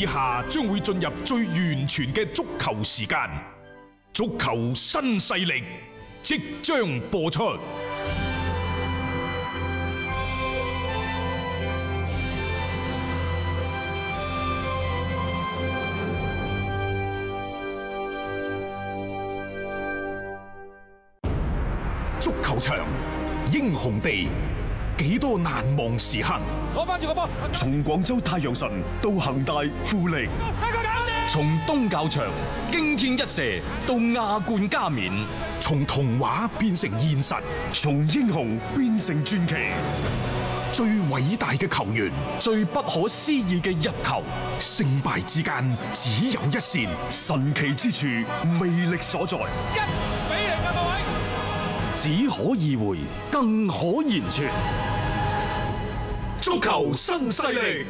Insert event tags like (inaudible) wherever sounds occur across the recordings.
以下將會進入最完全嘅足球時間，足球新勢力即將播出。足球場，英雄地。幾多難忘時刻？攞翻住個波！從廣州太陽神到恒大富力，從東較場驚天一射到亞冠加冕，從童話變成現實，從英雄變成傳奇。最偉大嘅球員，最不可思議嘅入球，勝敗之間只有一線，神奇之處魅力所在。只可意會，更可言傳。足球新勢力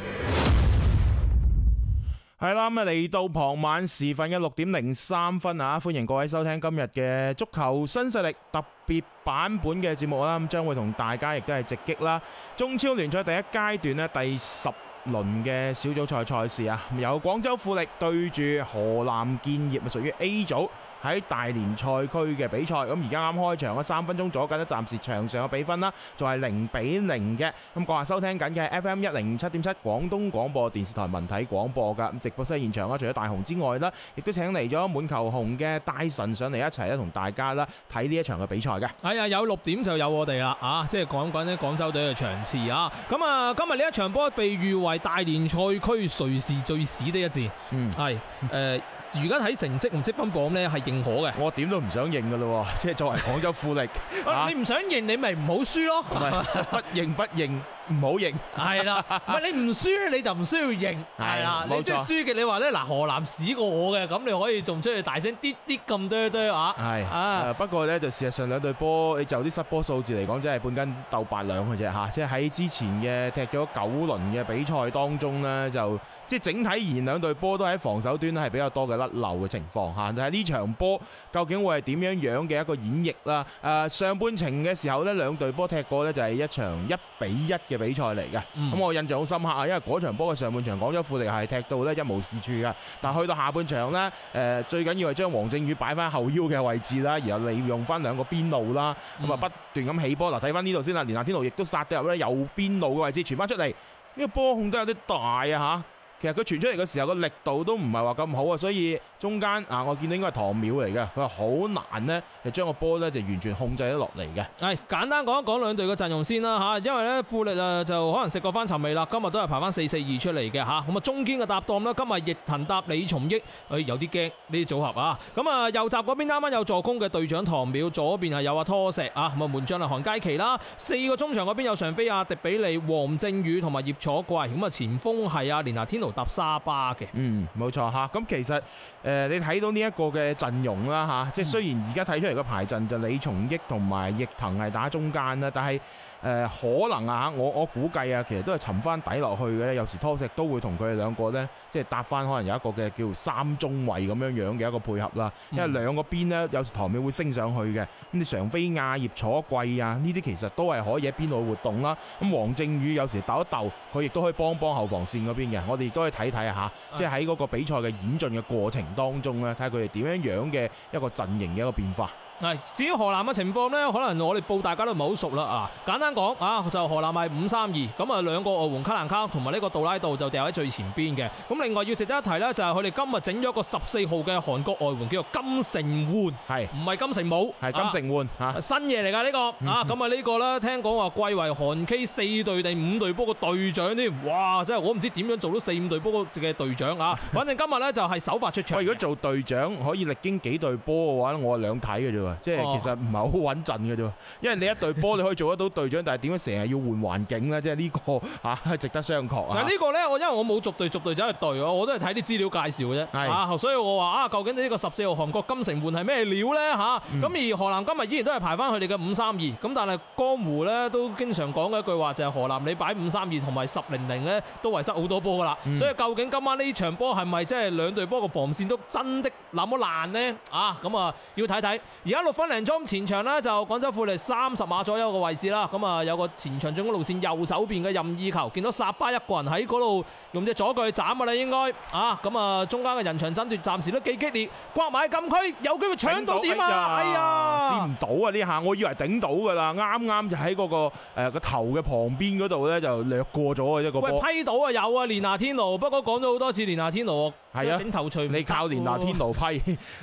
係啦，咁啊嚟到傍晚時分嘅六點零三分啊！歡迎各位收聽今日嘅足球新勢力特別版本嘅節目啦！咁將會同大家亦都係直擊啦，中超聯賽第一階段呢第十輪嘅小組賽賽事啊，由廣州富力對住河南建業，屬於 A 組。喺大連賽區嘅比賽，咁而家啱開場，三分鐘左近咧，暫時場上嘅比分啦，仲係零比零嘅。咁各位收聽緊嘅 FM 一零七點七廣東廣播電視台文體廣播噶，咁直播室現場啦，除咗大紅之外呢，亦都請嚟咗滿球紅嘅大神上嚟一齊咧，同大家啦睇呢一場嘅比賽嘅。哎呀，有六點就有我哋啦，啊，即係講緊咧廣州隊嘅場次啊。咁啊，今日呢一場波被譽為大連賽區誰是最屎的一戰，嗯，係、呃、誒。 (laughs) 而家睇成績，唔積分榜咧係認可嘅。我點都唔想認㗎咯，即係作為廣州富力、 (laughs) 啊、你唔想認，你咪唔好輸咯，係咪？不認不認。唔好認，係啦，唔係你唔輸你就唔需要認，係啦，你即係輸嘅你話咧，嗱，河南屎過我嘅，咁你可以仲出去大聲啲啲咁多堆話，係啊，不過咧就事實上兩隊波你就啲失波數字嚟講真係半斤斗八兩嘅啫吓，即係喺之前嘅踢咗九輪嘅比賽當中咧就即係整體而言兩隊波都喺防守端係比較多嘅甩漏嘅情況吓，但係呢場波究竟會係點樣樣嘅一個演繹啦？誒上半程嘅時候咧兩隊波踢過咧就係一場一比一嘅。比賽嚟嘅，咁我印象好深刻啊，因為嗰場波嘅上半場，廣州富力係踢到呢一無是處嘅，但係去到下半場呢，誒，最緊要係將黃正宇擺翻後腰嘅位置啦，然後利用翻兩個邊路啦，咁、嗯、啊不斷咁起波，嗱，睇翻呢度先啦，連拿天奴亦都殺到入呢右邊路嘅位置，傳翻出嚟，呢、這個波控都有啲大啊吓。其實佢傳出嚟嘅時候個力度都唔係話咁好啊，所以中間啊我見到應該係唐淼嚟嘅，佢話好難呢，就將個波呢就完全控制咗落嚟嘅。係簡單講一講兩隊嘅陣容先啦吓，因為呢，富力啊就可能食過翻尋味啦，今日都係排翻四四二出嚟嘅吓，咁啊中堅嘅搭檔咧今日易騰搭李松益，哎有啲驚呢啲組合啊，咁啊右閘嗰邊啱啱有助攻嘅隊長唐淼，左邊係有阿、啊、拖石啊，咁啊門將係韓佳奇啦，四個中場嗰邊有常飛啊、迪比利、黃正宇同埋葉楚貴，咁啊前鋒係啊連拿天龍。搭沙巴嘅，嗯，冇錯吓，咁其實誒，你睇到呢一個嘅陣容啦吓，即係雖然而家睇出嚟個排陣就係李從益同埋易騰係打中間啦，但係誒、呃、可能啊，我我估計啊，其實都係沉翻底落去嘅咧，有時拖石都會同佢哋兩個咧，即係搭翻可能有一個嘅叫三中衛咁樣樣嘅一個配合啦，因為兩個邊咧有時台尾會升上去嘅，咁你常飛亞、啊、葉楚貴啊呢啲其實都係可以喺邊度活動啦，咁黃正宇有時鬥一鬥，佢亦都可以幫幫後防線嗰邊嘅，我哋。都可以睇睇啊！吓，即係喺嗰個比賽嘅演進嘅過程當中咧，睇下佢哋點樣樣嘅一個陣營嘅一個變化。啊！至於河南嘅情況呢，可能我哋報大家都唔係好熟啦啊！簡單講啊，就河南係五三二咁啊，兩個外援卡蘭卡同埋呢個杜拉道就掉喺最前邊嘅。咁另外要值得一提呢，就係佢哋今日整咗個十四號嘅韓國外援叫做金城煥係唔係金城武？係金城煥新嘢嚟㗎呢個啊！咁啊呢個呢， (laughs) 個聽講話貴為韓 K 四隊定五隊波嘅隊長添，哇！真係我唔知點樣做到四五隊波嘅隊長啊！ (laughs) 反正今日呢，就係首發出場。如果做隊長可以歷經幾隊波嘅話，我係兩睇嘅啫。即係其實唔係好穩陣嘅啫，因為你一隊波你可以做得到隊長， (laughs) 但係點解成日要換環境呢？即係呢、這個吓 (laughs) 值得商榷啊！嗱，呢個呢，我因為我冇逐隊逐隊走去隊，我都係睇啲資料介紹嘅啫，吓、啊，所以我話啊，究竟呢個十四號韓國金城煥係咩料呢？吓、啊，咁、嗯、而河南今日依然都係排翻佢哋嘅五三二，咁但係江湖呢，都經常講嘅一句話就係、是、河南你擺五三二同埋十零零呢，都遺失好多波噶啦，嗯、所以究竟今晚呢場波係咪即係兩隊波個防線都真的那麼爛呢？啊，咁啊要睇睇而家。六分零鐘前場呢就廣州富力三十碼左右嘅位置啦，咁啊有個前場進攻路線右手邊嘅任意球，見到薩巴一個人喺嗰度用隻左腳去斬啊，哎哎、啊。啦，應該啊，咁啊中間嘅人牆爭奪暫時都幾激烈，刮埋禁區有機會搶到點啊！哎啊，先唔到啊！呢下我以為頂到噶啦，啱啱就喺嗰、那個誒個、呃、頭嘅旁邊嗰度咧就掠過咗啊！一個喂批到啊有啊，連拿天奴，不過講咗好多次連拿天奴。係啊，頂頭錘你靠連拿天奴批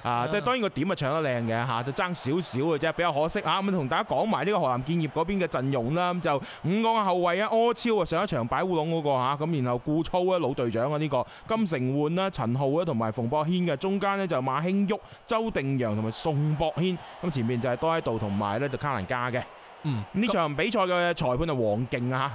啊！即係當然個點啊搶得靚嘅吓，就爭少少嘅啫，比較可惜啊！咁同大家講埋呢個河南建業嗰邊嘅陣容啦，咁就五個後衛啊，柯超啊上一場擺烏龍嗰個吓，咁然後顧超啊老隊長啊呢個金城換啦，陳浩啊同埋馮博軒嘅，中間咧就馬興旭、周定洋同埋宋博軒，咁前面就係多喺度同埋咧就卡蘭加嘅，嗯，呢場比賽嘅裁判係黃勁啊，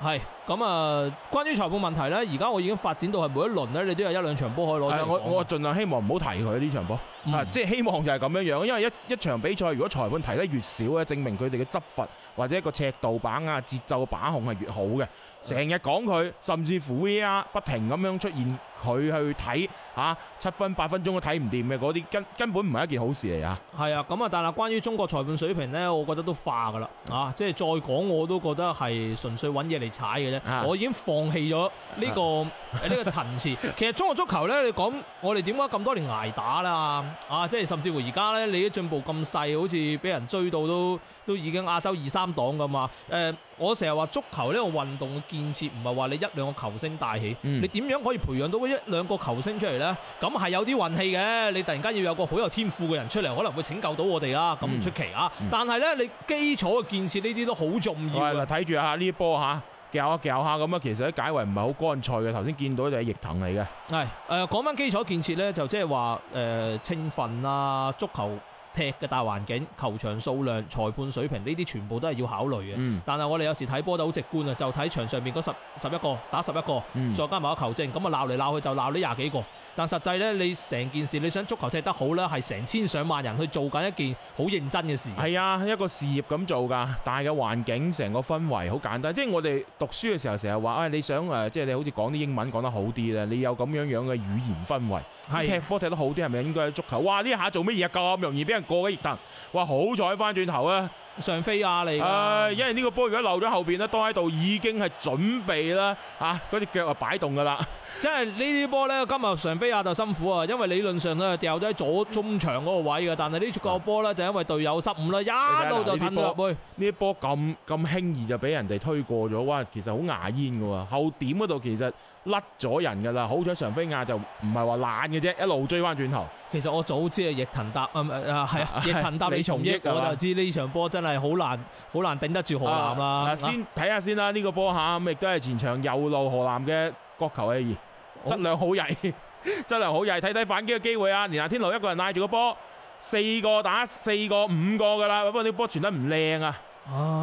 係。咁啊，關於裁判問題咧，而家我已經發展到係每一輪咧，你都有一兩場波可以攞我，我盡量希望唔好提佢呢場波，嗯啊，即係希望就係咁樣樣，因為一一場比賽如果裁判提得越少咧，證明佢哋嘅執法或者一個尺度把握、節奏把控係越好嘅。成日講佢，甚至乎 VAR 不停咁樣出現他看，佢去睇吓七分八分鐘都看不的，都睇唔掂嘅嗰啲，根根本唔係一件好事嚟啊。係啊，咁啊，但係關於中國裁判水平咧，我覺得都化噶啦，啊，即係再講我都覺得係純粹揾嘢嚟踩嘅。啊、我已經放棄咗呢、這個呢、啊呃這個、層次。其實中國足球呢，你講我哋點解咁多年挨打啦？啊，即係甚至乎而家呢，你啲進步咁細，好似俾人追到都都已經亞洲二三檔咁嘛。呃、我成日話足球呢個運動嘅建設唔係話你一兩個球星帶起，嗯、你點樣可以培養到一兩個球星出嚟呢？咁係有啲運氣嘅。你突然間要有個好有天賦嘅人出嚟，可能會拯救到我哋啦。咁唔出奇啊、嗯嗯！但係呢，你基礎嘅建設呢啲都好重要。啦，睇住啊呢波吓叫下叫下，咁其實啲解圍唔係好乾脆嘅，頭先見到就係逆騰嚟嘅。係誒，講翻基礎建設咧，就即係話誒青訓啊，足球。踢嘅大環境、球場數量、裁判水平呢啲全部都係要考慮嘅，嗯。但係我哋有時睇波都好直觀啊，就睇場上面嗰十十一個打十一個，嗯，再加埋個球證，咁啊鬧嚟鬧去就鬧呢廿幾個。但實際呢，你成件事你想足球踢得好呢，係成千上萬人去做緊一件好認真嘅事的。係啊，一個事業咁做㗎，大嘅環境、成個氛圍好簡單。即係我哋讀書嘅時候，成日話，唉、哎，你想誒，即係你好似講啲英文講得好啲咧，你有咁樣樣嘅語言氛圍，踢波踢得好啲係咪應該足球？哇！呢下做乜嘢？咁容易俾人？過嘅翼騰，哇！好彩翻轉頭啊！常飛亞嚟，誒、呃，因為呢個波如果漏咗後邊呢，多喺度已經係準備啦，吓嗰隻腳啊擺、那個、動噶啦。即係呢啲波呢，今日常飛亞就辛苦啊，因為理論上呢掉咗喺左中場嗰個位噶，但係呢個波呢就因為隊友失誤啦，一路、啊、就吞咗落去。呢啲波咁咁輕易就俾人哋推過咗，哇！其實好牙煙噶喎，後點嗰度其實甩咗人噶啦，好彩常飛亞就唔係話懶嘅啫，一路追翻轉頭。其實我早知道易騰達、嗯、啊，啊，易騰達啊，係啊，易騰達李重益，我就知呢場波真係好難，好難頂得住河南啦、啊啊。先睇下先啦，呢、這個波下，咁亦都係前場右路河南嘅角球嚟，質量好曳，質量好曳。睇睇反擊嘅機會啊，連阿天奴一個人拉住個波，四個打四個、五個㗎啦，不過啲波傳得唔靚啊。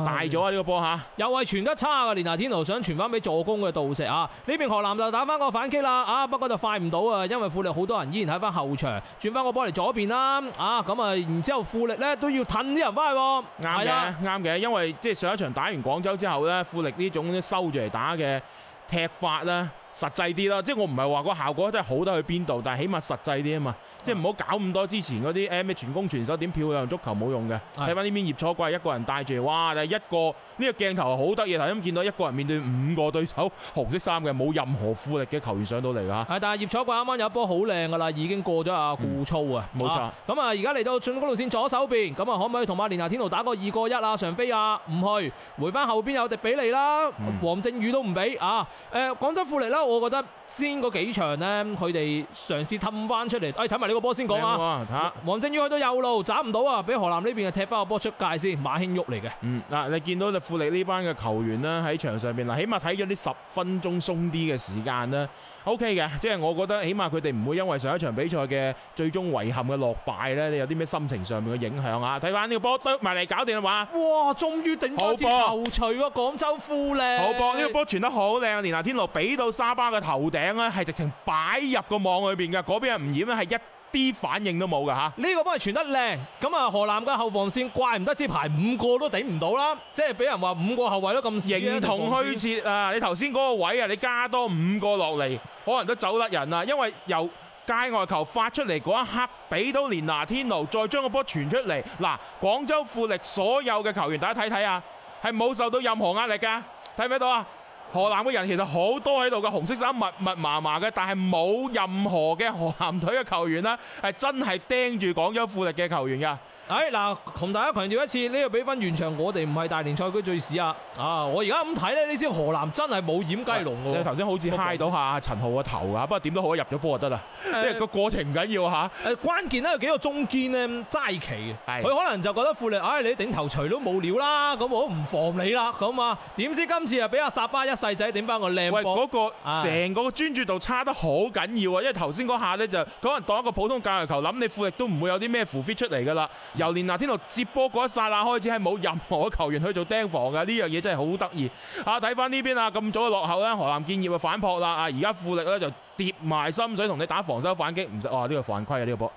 大咗、這個、啊！呢個波吓，又係傳得差啊。連拿天奴想傳翻俾助攻嘅杜石啊，呢邊河南就打翻個反擊啦啊！不過就快唔到啊，因為富力好多人依然喺翻後場，轉翻個波嚟，左邊啦啊！咁啊，然之後富力呢都要褪啲人翻去，啱嘅，啱嘅、啊，因為即係上一場打完廣州之後呢，富力呢種收住嚟打嘅踢法啦。實際啲啦，即係我唔係話個效果真係好得去邊度，但係起碼實際啲啊嘛，嗯、即係唔好搞咁多之前嗰啲誒咩全攻全守點漂亮足球冇用嘅。睇翻呢邊葉楚貴一個人帶住，哇！但係一個呢、呢個鏡頭好得意，頭先見到一個人面對五個對手，紅色衫嘅冇任何富力嘅球員上到嚟啦。係，但係葉楚貴啱啱有一波好靚嘅啦，已經過咗啊。顧操、嗯、啊。冇錯、啊。咁啊，而家嚟到進攻路線左手邊，咁啊可唔可以同阿連拿天奴打個二過一啊？常飛啊，唔去，回翻後邊有迪比利啦，嗯、黃政宇都唔俾啊。誒、呃，廣州富力啦。我覺得先嗰幾場呢，佢哋嘗試氹翻出嚟。哎，睇埋呢個波先講啊！王正宇去到右路斬唔到啊，俾河南呢邊啊踢翻個波出界先。馬興喐嚟嘅。嗯，嗱，你見到就富力呢班嘅球員咧喺場上邊啦，起碼睇咗呢十分鐘鬆啲嘅時間啦，OK 嘅。即係我覺得起碼佢哋唔會因為上一場比賽嘅最終遺憾嘅落敗咧，你有啲咩心情上面嘅影響啊？睇翻呢個波，懟埋嚟搞掂啦嘛！哇，終於頂住！好波，好除個廣州富力。好波，呢個波傳得好靚，連阿天羅俾到三。巴巴嘅頭頂咧，係直情擺入個網裏邊嘅，嗰邊人唔掩咧，係一啲反應都冇嘅吓。呢個波係傳得靚，咁啊河南嘅後防線怪唔得，只排五個都頂唔到啦，即係俾人話五個後衛都咁少。形同虛設啊！你頭先嗰個位啊，你加多五個落嚟，可能都走甩人啦。因為由界外球發出嚟嗰一刻，俾到連拿天奴，再將個波傳出嚟。嗱，廣州富力所有嘅球員，大家睇睇啊，係冇受到任何壓力噶，睇唔睇到啊？河南嘅人其實好多喺度嘅，紅色衫密密麻麻嘅，但係冇任何嘅河南隊嘅球員呢，係真係盯住廣州富力嘅球員㗎。誒嗱，同大家強調一次，呢、這個比分完場，我哋唔係大連賽區最屎啊！啊，我而家咁睇咧，你知河南真係冇掩雞籠㗎喎。頭、哎、先好似揩到下陳浩個頭啊！不過點都好，入咗波就得啦，因為個過程唔緊要嚇。誒、哎啊，關鍵咧有幾個中堅呢，齋騎，佢可能就覺得富力，唉、哎，你頂頭除都冇料啦，咁我都唔防你啦，咁啊，點知今次又俾阿薩巴一世仔頂翻個靚波。喂，嗰、那個成個專注度差得好緊要啊、哎！因為頭先嗰下呢，就可能當一個普通界外球諗，你富力都唔會有啲咩 f u 出嚟㗎啦。由連拿天奴接波嗰一剎那開始，係冇任何球員去做釘防嘅，呢樣嘢真係好得意啊！睇翻呢邊啊，咁早嘅落後呢，河南建業啊反撲啦啊，而家富力呢就跌埋心水同你打防守反擊唔得，哇！呢個犯規啊，呢個波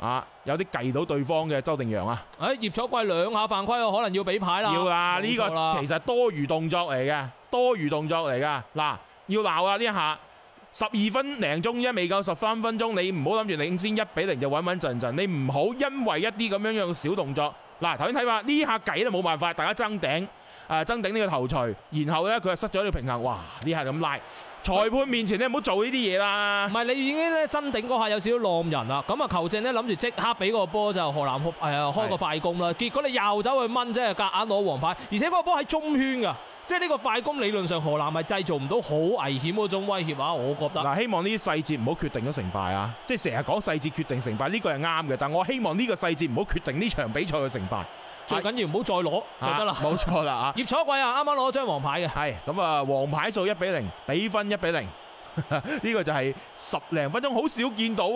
啊，有啲計到對方嘅周定洋啊，哎葉楚貴兩下犯規啊，可能要俾牌啦，要啦，呢個其實多餘動作嚟嘅，多餘動作嚟㗎嗱，要鬧啊呢下。十二分零鐘一未夠十三分鐘，你唔好諗住領先一比零就穩穩陣陣。你唔好因為一啲咁樣樣小動作，嗱頭先睇話呢下計都冇辦法，大家爭頂，誒爭頂呢個頭槌，然後呢，佢又失咗個平衡，哇呢下咁拉！裁判面前你唔好做呢啲嘢啦。唔係你已經咧爭頂嗰下有少少浪人啦。咁啊球證呢，諗住即刻俾個波就河南誒開個快攻啦。結果你又走去掹，即係夾硬攞黃牌，而且嗰個波喺中圈噶。即係呢個快攻理論上，河南係製造唔到好危險嗰種威脅啊！我覺得嗱，希望呢啲細節唔好決定咗勝敗啊！即係成日講細節決定勝敗，呢個係啱嘅。但我希望呢個細節唔好決定呢場比賽嘅勝敗。最緊要唔好再攞就得啦。冇錯啦！啊， (laughs) 葉楚貴啊，啱啱攞咗張黃牌嘅，係咁啊，黃牌數一比零，比分一比零，呢 (laughs) 個就係十零分鐘好少見到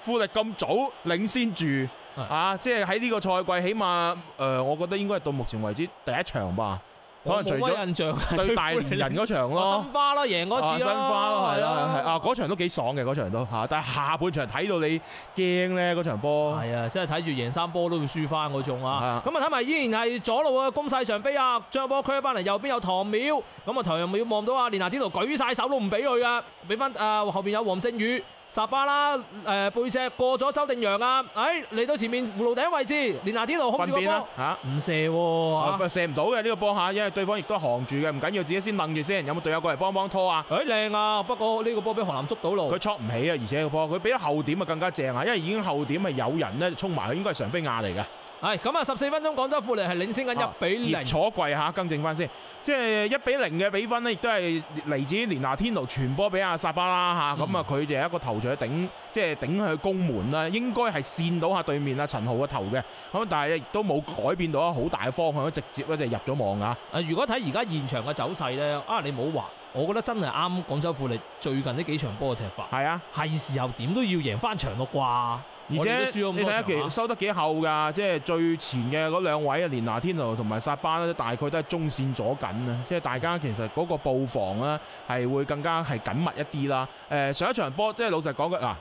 富力咁早領先住係啊！即係喺呢個賽季，起碼誒、呃，我覺得應該係到目前為止第一場吧。可能除咗對大連人嗰場咯，申 (laughs) 花咯贏嗰次咯，啊嗰、啊啊啊啊啊啊啊啊、場都幾爽嘅嗰場都嚇，但係下半場睇到你驚咧嗰場波，係啊，真係睇住贏三波都要輸翻嗰種啊！咁啊睇埋依然係左路嘅攻勢上飛啊，將波 curve 翻嚟右邊有唐淼，咁啊唐淼望到啊連拿天奴舉晒手都唔俾佢啊，俾翻啊後面有黃政宇。薩巴啦，誒背脊過咗周定洋啊！哎嚟到前面葫蘆頂位置，連下啲路控住個波，吓唔、啊啊、射、啊啊，射唔到嘅呢、這個波下，因為對方亦都行住嘅，唔緊要，自己先掹住先。有冇隊友過嚟幫幫拖啊？哎靚啊，不過呢個波俾河南捉到路，佢搓唔起啊，而且個波佢俾咗後點啊，更加正啊，因為已經後點啊有人咧衝埋，應該係常飛亞嚟嘅。係咁啊！十四分鐘，廣州富力係領先緊一比零。坐櫃下更正翻先，即係一比零嘅比分呢，亦都係嚟自連拿天奴傳波俾阿薩巴啦嚇。咁啊，佢哋一個頭像去頂，即係頂佢去攻門啦。應該係扇到下對面阿陳浩嘅頭嘅。咁但係亦都冇改變到好大嘅方向，直接咧就入咗網啊！如果睇而家現場嘅走勢呢，啊，你冇話話，我覺得真係啱廣州富力最近呢幾場波嘅踢法，係啊，係時候點都要贏翻場咯啩。而且你睇下其實收得幾厚㗎，即係最前嘅嗰兩位啊， (laughs) 連拿天奴同埋薩巴，咧，大概都係中線阻緊啊，即係大家其實嗰個布防呢，係會更加係緊密一啲啦。上一場波即係老實講句。嗱、啊。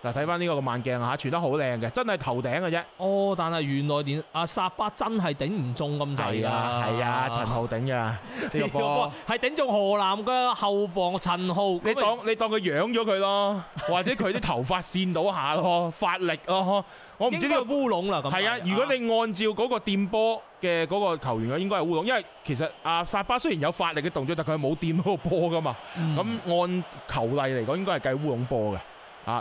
嗱、這個，睇翻呢個個慢鏡嚇，傳得好靚嘅，真係頭頂嘅啫。哦，但係原來連阿薩巴真係頂唔中咁滯啊！係啊，啊陳浩頂噶呢、這個波，係頂中河南嘅後防陳浩。你當你當佢養咗佢咯，或者佢啲頭髮扇到下咯，發 (laughs) 力咯，我唔知道、這個、是烏龍啦。係啊，啊如果你按照嗰個掂波嘅嗰個球員嘅，應該係烏龍，因為其實阿薩巴雖然有發力嘅動作，但係佢冇掂到個波噶嘛。咁、嗯、按球例嚟講，應該係計烏龍波嘅。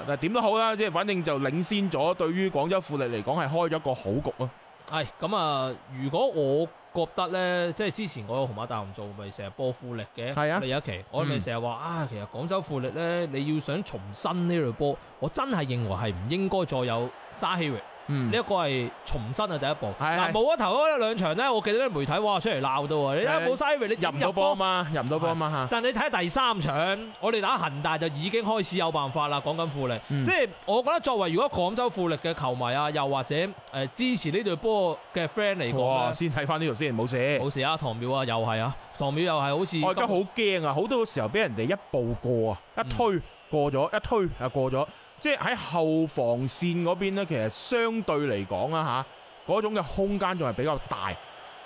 但係點都好啦，即係反正就領先咗，對於廣州富力嚟講係開咗一個好局咯。係咁啊！如果我覺得咧，即係之前我有紅馬大雄做，咪成日波富力嘅。係啊，第一期我咪成日話啊，其實廣州富力咧，你要想重新呢隊波，我真係認為係唔應該再有沙希榮。呢、嗯、一個係重新啊，第一步。嗱，冇咗頭嗰兩場咧，我記得啲媒體哇出嚟鬧到喎，你，看你一冇犀利你入唔到波嘛，入唔到波嘛嚇。但係你睇第三場，我哋打恒大就已經開始有辦法啦。講緊富力，嗯、即係我覺得作為如果廣州富力嘅球迷啊，又或者誒支持呢隊波嘅 friend 嚟講先睇翻呢度先，冇事，冇事啊，唐淼啊，又係啊，唐淼又係好似我而家好驚啊，好多時候俾人哋一步過啊，一推過咗、嗯，一推又過咗。即係喺後防線嗰邊呢，其實相對嚟講啊，嗰種嘅空間仲係比較大，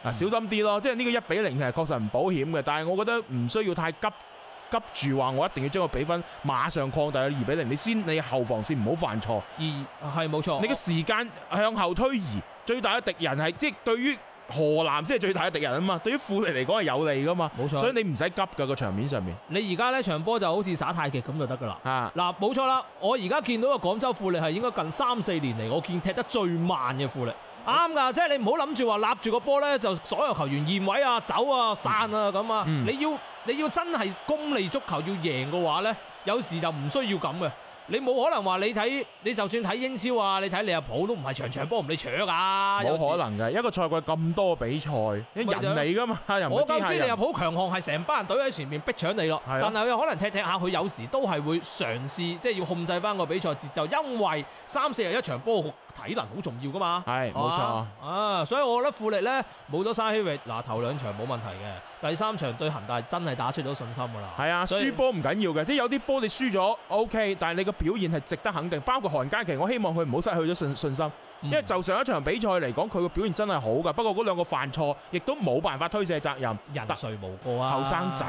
小心啲咯。嗯、即係呢個一比零係確實唔保險嘅，但係我覺得唔需要太急急住話我一定要將個比分馬上擴大二比零。你先，你後防線唔好犯錯，二係冇錯。你嘅時間向後推移，嗯、最大嘅敵人係即係對於，河南先係最大嘅敵人啊嘛，對於富力嚟講係有利噶嘛，所以你唔使急嘅，個場面上面。你而家呢場波就好似耍太極咁就得噶啦。啊，嗱，冇錯啦，我而家見到嘅廣州富力係應該近三四年嚟我見踢得最慢嘅富力，啱、嗯、噶，即係你唔好諗住話立住個波呢，就所有球員移位啊、走啊、散啊咁、嗯、啊、嗯，你要你要真係功利足球要贏嘅話呢，有時就唔需要咁嘅。你冇可能話你睇，你就算睇英超啊，你睇利物浦都唔係場場波唔你搶噶。冇可能㗎，一個賽季咁多比賽，人嚟噶嘛。我，我就知利物浦強項係成班人隊喺前面逼搶你咯，但係佢可能踢踢下，佢有時都係會嘗試即係、就是、要控制翻個比賽節奏，因為三四日一場波。體能好重要噶嘛？係、啊、冇錯啊，啊，所以我覺得富力呢，冇咗沙希域，嗱、啊、頭兩場冇問題嘅，第三場對恒大真係打出咗信心噶啦。係啊，輸波唔緊要嘅，即有啲波你輸咗 OK，但係你個表現係值得肯定。包括韓佳琪，我希望佢唔好失去咗信信心，嗯、因為就上一場比賽嚟講，佢個表現真係好噶。不過嗰兩個犯錯，亦都冇辦法推卸責任。人誰無過啊？後生仔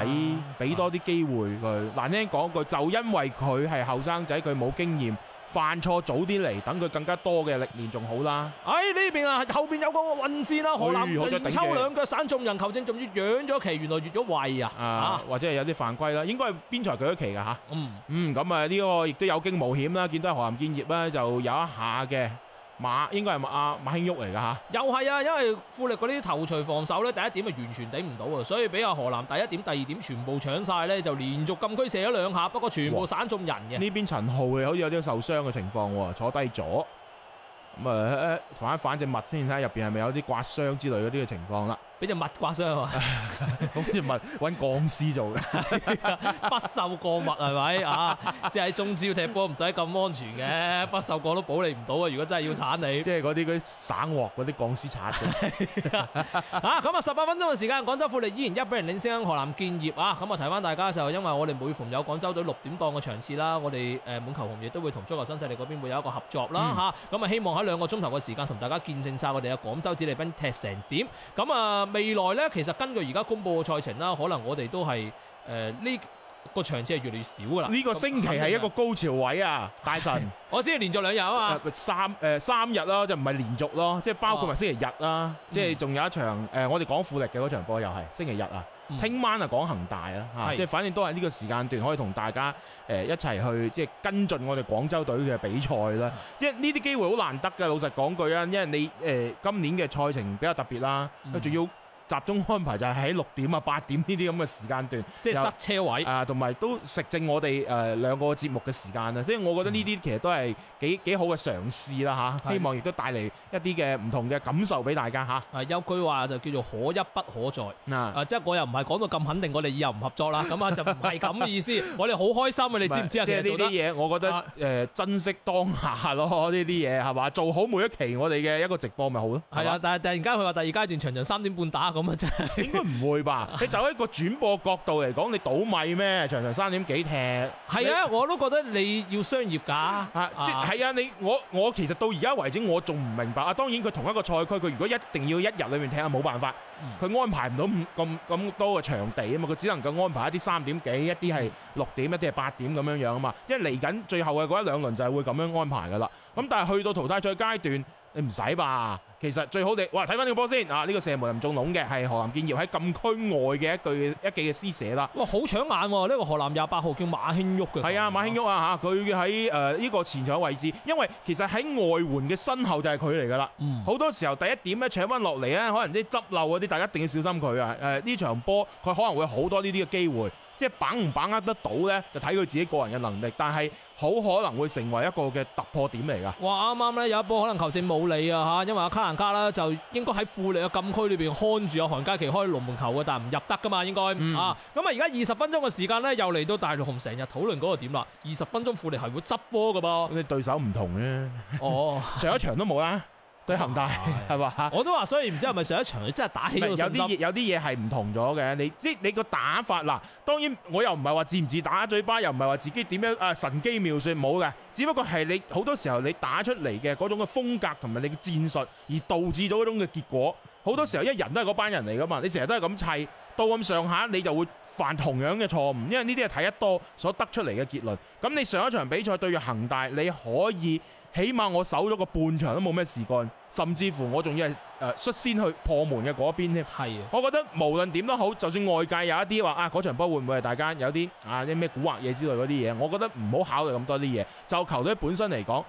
俾多啲機會佢，難聽講句，就因為佢係後生仔，佢冇經驗。犯錯早啲嚟，等佢更加多嘅歷練仲好啦。哎，呢邊啊，後面有個運線啦，河南嚟抽兩腳散眾人求證，仲要養咗期，原來越咗位啊，啊，或者係有啲犯規啦，應該係邊裁舉咗旗噶吓、啊，嗯嗯，咁啊，呢個亦都有驚無險啦，見到河南建業咧就有一下嘅。馬應該係阿馬興旭嚟噶吓，又係啊，因為富力嗰啲頭錘防守咧，第一點就完全頂唔到啊，所以俾阿河南第一點、第二點全部搶晒呢，就連續禁區射咗兩下，不過全部散中人嘅。呢邊陳浩好似有啲受傷嘅情況，坐低咗。咁、嗯、啊，反反正物先睇下入邊係咪有啲刮傷之類嗰啲嘅情況啦。俾隻物刮傷啊！咁隻物揾鋼絲做嘅，不鏽鋼物係咪啊？即係中招踢波唔使咁安全嘅，不鏽鋼都保你唔到啊！如果真係要鏟你 (laughs) 係嗰啲，即係嗰啲嗰啲省鑊嗰啲鋼絲鏟嘅。啊咁 (laughs) (laughs) (laughs) 啊，十八分鐘嘅時間，廣州富力依然一比人領先喺河南建業啊！咁啊，提翻大家就因為我哋每逢有廣州隊六點檔嘅場次啦、啊，我哋誒、呃、滿球紅亦都會同足球新勢力嗰邊會有一個合作啦、啊、嚇。咁、嗯、啊，啊，希望喺兩個鐘頭嘅時間同大家見證晒我哋嘅廣州子弟兵踢成點。咁啊～啊未來呢，其實根據而家公布嘅賽程啦，可能我哋都係誒呢個場次係越嚟越少噶啦。呢、呢個星期係一個高潮位啊，大神！我先係連續兩日啊三誒、呃、三日咯，就唔係連續咯，即係包括埋星期日啦，即係仲有一場誒、嗯呃，我哋講富力嘅嗰場波又係星期日啊。聽晚啊，講恒大啊，嚇，即係反正都係呢個時間段可以同大家誒一齊去即係跟進我哋廣州隊嘅比賽啦。因為呢啲機會好難得嘅，老實講句啊，因為你誒、呃、今年嘅賽程比較特別啦，仲、嗯、要。集中安排就係喺六點啊、八點呢啲咁嘅時間段，即係塞車位啊，同埋、呃、都食正我哋誒、呃、兩個節目嘅時間啊，即係我覺得呢啲其實都係幾幾、嗯、好嘅嘗試啦嚇、啊，希望亦都帶嚟一啲嘅唔同嘅感受俾大家嚇。啊有句話就叫做可一不可再啊，即、就、係、是、我又唔係講到咁肯定，我哋以後唔合作啦，咁啊就唔係咁嘅意思， (laughs) 我哋好開心啊，你知唔知啊？其實呢啲嘢，我覺得誒珍惜當下係咯，呢啲嘢係嘛，做好每一期我哋嘅一個直播咪好咯。係啊，但係突然間佢話第二階段長長三點半打。咁啊，真係應該唔會吧？ (laughs) 你就一個轉播角度嚟講，你倒米咩？長長三點幾踢？係啊，我都覺得你要商業㗎、啊。啊，即係啊，你我我其實到而家為止，我仲唔明白啊。當然佢同一個賽區，佢如果一定要一日裏面踢啊，冇辦法，佢安排唔到咁咁多嘅場地啊嘛。佢只能夠安排一啲三點幾，一啲係六點，一啲係八點咁樣樣啊嘛。因為嚟緊最後嘅嗰一兩輪就係會咁樣安排㗎啦。咁但係去到淘汰賽嘅階段，你唔使吧？其實最好哋，哇！睇翻呢個波先啊！呢、呢個射門林仲龍嘅係河南建業喺禁區外嘅一句一記嘅施捨啦。哇！好搶眼喎、啊，呢、呢個河南廿八號叫馬興旭嘅。係啊，馬興旭啊嚇，佢喺呢個前場位置，因為其實喺外援嘅身後就係佢嚟噶啦。好、嗯、多時候第一點咧搶翻落嚟咧，可能啲執漏嗰啲，大家一定要小心佢啊！呢、呃、場波佢可能會好多呢啲嘅機會，即係把唔把握得到咧，就睇佢自己個人嘅能力。但係好可能會成為一個嘅突破點嚟噶。哇！啱啱咧有一波可能球證冇理啊嚇，因為阿卡。家啦就應該喺富力嘅禁區裏邊看住阿韓佳琪開龍門球嘅，但係唔入得噶嘛，應、嗯、該啊。咁啊，而家二十分鐘嘅時間咧，又嚟到大陸紅成日討論嗰個點啦。二十分鐘富力係會執波噶噃，你對手唔同呢？哦，上一場都冇啦。對恒大係嘛、啊？我都話，所以唔知係咪上一場你真係打起咗心有啲有啲嘢，係唔同咗嘅，你即你個打法嗱。當然我又唔係話自唔自打嘴巴，又唔係話自己點樣啊神機妙算冇嘅。只不過係你好多時候你打出嚟嘅嗰種嘅風格同埋你嘅戰術，而導致到嗰種嘅結果。好多時候一人都係嗰班人嚟噶嘛，你成日都係咁砌。到咁上下，你就會犯同樣嘅錯誤，因為呢啲係睇得多所得出嚟嘅結論。咁你上一場比賽對住恒大，你可以起碼我守咗個半場都冇咩事幹，甚至乎我仲要係率先去破門嘅嗰邊添。係我覺得無論點都好，就算外界有一啲話啊，嗰場波會唔會係大家有啲啊啲咩古惑嘢之類嗰啲嘢，我覺得唔好考慮咁多啲嘢。就球隊本身嚟講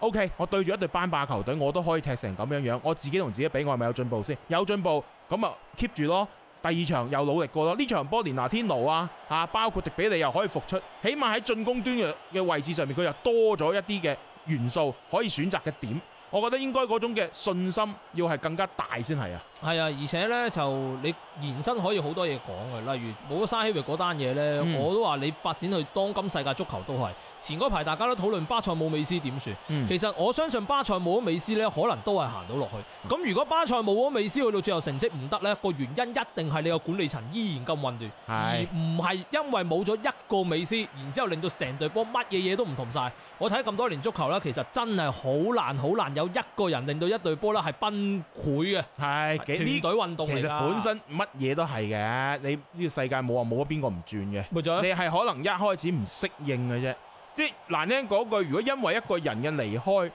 ，OK，我對住一隊班霸球隊，我都可以踢成咁樣樣。我自己同自己比，我係咪有進步先？有進步咁啊，keep 住咯。第二場又努力過咯，呢場波連拿天奴啊，啊包括迪比利又可以復出，起碼喺進攻端嘅嘅位置上面，佢又多咗一啲嘅元素可以選擇嘅點。我覺得應該嗰種嘅信心要係更加大先係啊！係啊，而且呢，就你延伸可以好多嘢講嘅，例如冇咗沙希域嗰單嘢呢，嗯、我都話你發展去當今世界足球都係前嗰排大家都討論巴塞冇美斯點算，嗯、其實我相信巴塞冇咗美斯呢，可能都係行到落去。咁、嗯、如果巴塞冇咗美斯去到最後成績唔得呢個原因一定係你個管理層依然咁混亂，是而唔係因為冇咗一個美斯，然之後令到成隊波乜嘢嘢都唔同晒。我睇咁多年足球呢，其實真係好難，好難。有一個人令到一隊波啦係崩潰嘅，係呢隊運動其實本身乜嘢都係嘅。你呢個世界冇話冇咗邊個唔轉嘅，冇咗你係可能一開始唔適應嘅啫。即係難聽嗰句，如果因為一個人嘅離開，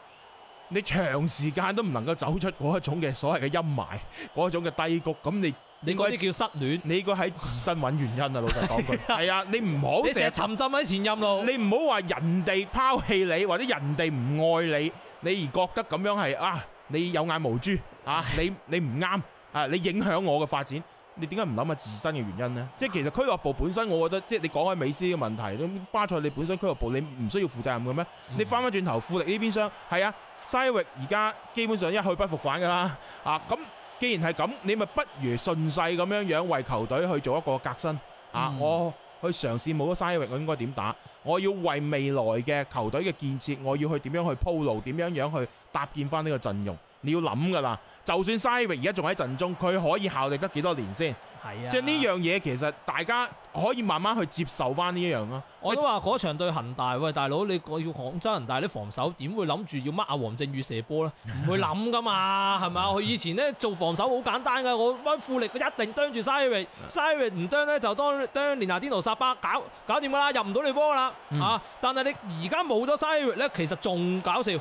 你長時間都唔能夠走出嗰一種嘅所謂嘅陰霾，嗰一種嘅低谷，咁你你嗰啲叫失戀，你應該喺自身搵原因啊。老實講句，係啊，你唔好成日沉浸喺前任度，你唔好話人哋拋棄你或者人哋唔愛你。你而覺得咁樣係啊，你有眼無珠啊，你你唔啱啊，你影響我嘅發展，你點解唔諗下自身嘅原因呢？即係其實俱樂部本身，我覺得即係你講開美斯嘅問題，咁巴塞你本身俱樂部你唔需要負責任嘅咩？你翻返轉頭富力呢邊廂係啊，西域而家基本上一去不復返噶啦啊！咁既然係咁，你咪不如順勢咁樣樣為球隊去做一個革新啊！我。去嘗試，冇咗生意域，我應該點打？我要為未來嘅球隊嘅建設，我要去點樣去鋪路，點樣樣去搭建翻呢個陣容。你要諗噶啦，就算 Silvert 而家仲喺陣中，佢可以效力得幾多年先？係啊，即係呢樣嘢其實大家可以慢慢去接受翻呢一樣咯。我都話嗰場對恒大，喂大佬，你要廣州恒大啲防守點會諗住要乜啊黃正宇射波呢？唔 (laughs) 會諗噶嘛，係咪啊？佢以前呢做防守好簡單㗎，我揾富力，佢一定釘住 Silvert，Silvert 唔釘呢，就當釘連拿天奴沙巴搞搞掂噶啦，入唔到你波啦、嗯啊、但係你而家冇咗 Silvert 咧，其實仲搞笑。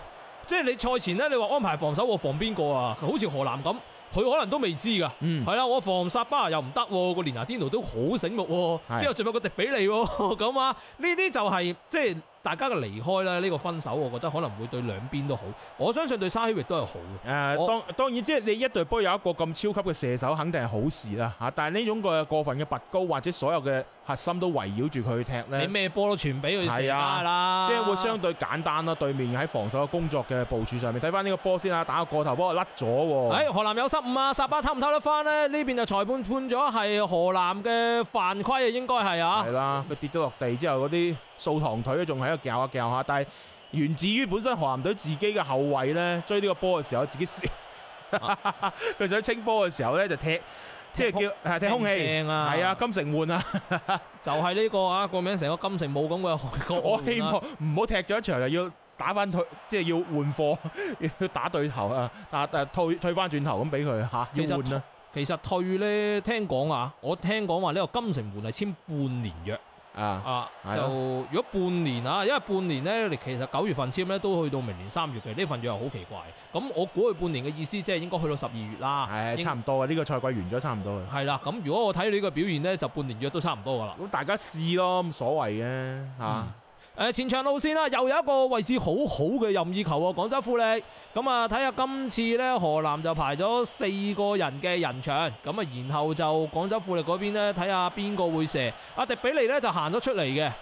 即係你賽前咧，你話安排防守我防邊個啊？好似河南咁，佢可能都未知噶。嗯，係啦，我防薩巴又唔得、啊，啊、個連拿天奴都好醒目。之後仲有個迪比利咁啊，呢 (laughs) 啲、啊、就係、是、即係。大家嘅離開啦，呢、這個分手，我覺得可能會對兩邊都好。我相信對沙希域都係好嘅。誒、呃，當然，即係你一隊波有一個咁超級嘅射手，肯定係好事啦、啊。但係呢種嘅過分嘅拔高，或者所有嘅核心都圍繞住佢踢咧，你咩波都傳俾佢射啦。係啊，即係會相對簡單啦。對面喺防守嘅工作嘅部署上面，睇翻呢個波先啦。打個過頭波甩咗喎。誒，河南有失誤啊！薩巴偷唔偷得翻呢？呢邊就裁判判咗係河南嘅犯規啊，應該係啊。係啦，佢跌咗落地之後嗰啲。掃堂腿仲喺度教下教下，但係源自於本身韓國隊自己嘅後衞咧，追呢個波嘅時候，自己佢、啊、 (laughs) 想清波嘅時候咧，就踢，即係叫踢空氣踢啊，係啊，金城煥啊 (laughs) 就是、這個，就係呢個啊，個名成個金城武咁嘅韓國。我希望唔好踢咗一場又要打翻退，即係要換貨，要打對頭啊，但係退退翻轉頭咁俾佢嚇，要換啊。其實,、啊、其實退咧，聽講啊，我聽講話呢個金城煥係簽半年約。啊啊，就如果半年啊，因為半年呢，你其實九月份簽呢都去到明年三月嘅呢份約，好奇怪。咁我估佢半年嘅意思，即係應該去到十二月啦。係、啊，差唔多啊，呢、這個賽季完咗，差唔多。係、嗯、啦，咁如果我睇你個表現呢，就半年約都差唔多噶啦。咁大家試咯，咁所謂嘅啊。嗯誒前場路線啦，又有一個位置好好嘅任意球喎，廣州富力。咁啊，睇下今次呢，河南就排咗四個人嘅人牆。咁啊，然後就廣州富力嗰邊咧，睇下邊個會射。阿迪比利呢，就行咗出嚟嘅，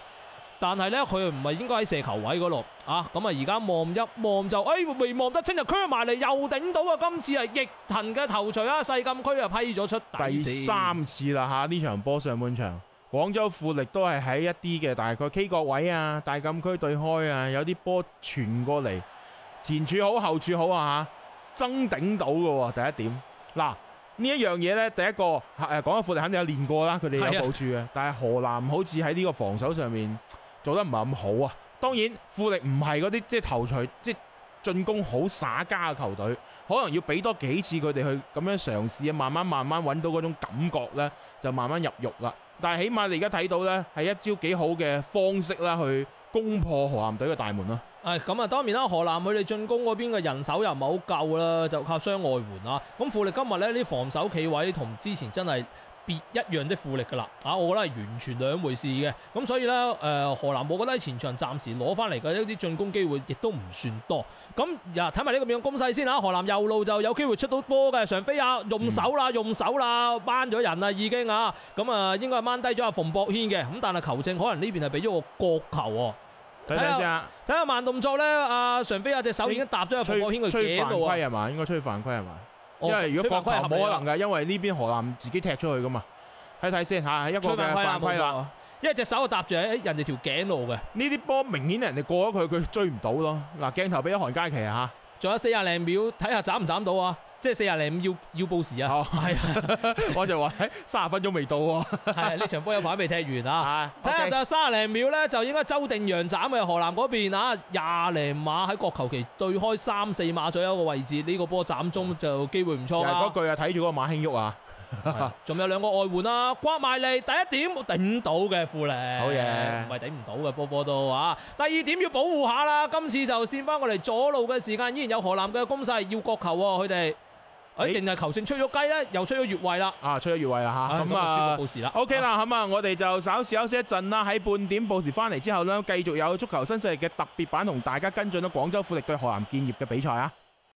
但係呢，佢唔係應該喺射球位嗰度。啊，咁啊而家望一望就，哎未望得清就擠埋嚟，又頂到啊！今次係逆騰嘅頭槌啊，細禁區啊批咗出第三次啦嚇，呢場波上半場。廣州富力都係喺一啲嘅，大概 K 角位啊、大禁區對開啊，有啲波傳過嚟，前處好後處好啊吓，爭頂到嘅第一點。嗱呢一樣嘢呢，第一個誒，廣州富力肯定有練過啦，佢哋有部署嘅。但係河南好似喺呢個防守上面做得唔係咁好啊。當然富力唔係嗰啲即係頭錘、即係進攻好耍家嘅球隊，可能要俾多幾次佢哋去咁樣嘗試啊，慢慢慢慢揾到嗰種感覺呢，就慢慢入肉啦。但係起碼你而家睇到咧，係一招幾好嘅方式啦，去攻破河南隊嘅大門啦，哎。誒，咁啊，當然啦，河南佢哋進攻嗰邊嘅人手又唔係好夠啦，就靠雙外援啊。咁富力今日咧，啲防守企位同之前真係。別一樣的富力噶啦，我覺得係完全兩回事嘅。咁所以呢，誒、呃，河南我覺得前場暫時攞翻嚟嘅一啲進攻機會，亦都唔算多。咁，睇埋呢個邊個攻勢先吓。河南右路就有機會出到波嘅，常飛亞用手啦，用手啦，掹、嗯、咗人啊，已經啊。咁啊、呃，應該係掹低咗阿馮博軒嘅。咁但係球證可能呢邊係俾咗個角球，啊。睇、啊、下睇下、啊、慢動作呢，阿、啊、常飛亞隻手已經搭咗阿馮博軒嘅嘢度係嘛，應該吹犯規係嘛。因為如果角球冇可能噶，因為呢邊河南自己踢出去噶嘛，睇睇先吓，一個犯規啦，因為隻手就搭住喺人哋條頸度嘅，呢啲波明顯人哋過咗佢，佢追唔到咯。嗱，鏡頭俾咗韓佳琪啊吓。仲有四廿零秒，睇下斬唔斬到、就是、啊！即係四廿零五要要報時啊！係， (laughs) (laughs) 我就話，三、欸、十分鐘未到啊，係 (laughs) 呢、啊、場波有排未踢完啊！睇、okay. 下就三廿零秒咧，就應該周定洋斬嘅河南嗰邊啊，廿零碼喺國球期對開三四碼左右嘅位置，呢、這個波斬中就機會唔錯啦。嗰句啊，睇 (laughs) 住、啊、個馬興旭啊！仲、 (laughs) 啊、有兩個外援啊，瓜埋嚟第一點頂到嘅富力，好、oh、嘢、yeah.，唔係頂唔到嘅波波都啊。第二點要保護下啦、啊，今次就扇翻我哋左路嘅時間依。有河南嘅攻勢，要國球喎佢哋，一定係球證吹咗雞啦，又吹咗越位啦，啊，吹咗越位啦吓，咁啊，宣佈報時啦。O K 啦，咁啊，OK 啊，我哋就稍事休息一陣啦。喺半點報時翻嚟之後咧，繼續有足球新勢力嘅特別版，同大家跟進咗廣州富力對河南建業嘅比賽啊。